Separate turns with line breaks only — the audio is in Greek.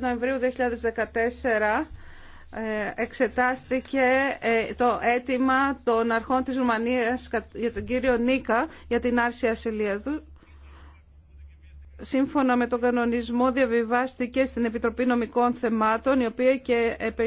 Νοεμβρίου 2014 ε, εξετάστηκε ε, το αίτημα των αρχών της Ρουμανίας για τον κύριο Νίκα για την άρση ασυλία του. Σύμφωνα με τον κανονισμό διαβιβάστηκε στην Επιτροπή Νομικών Θεμάτων η οποία και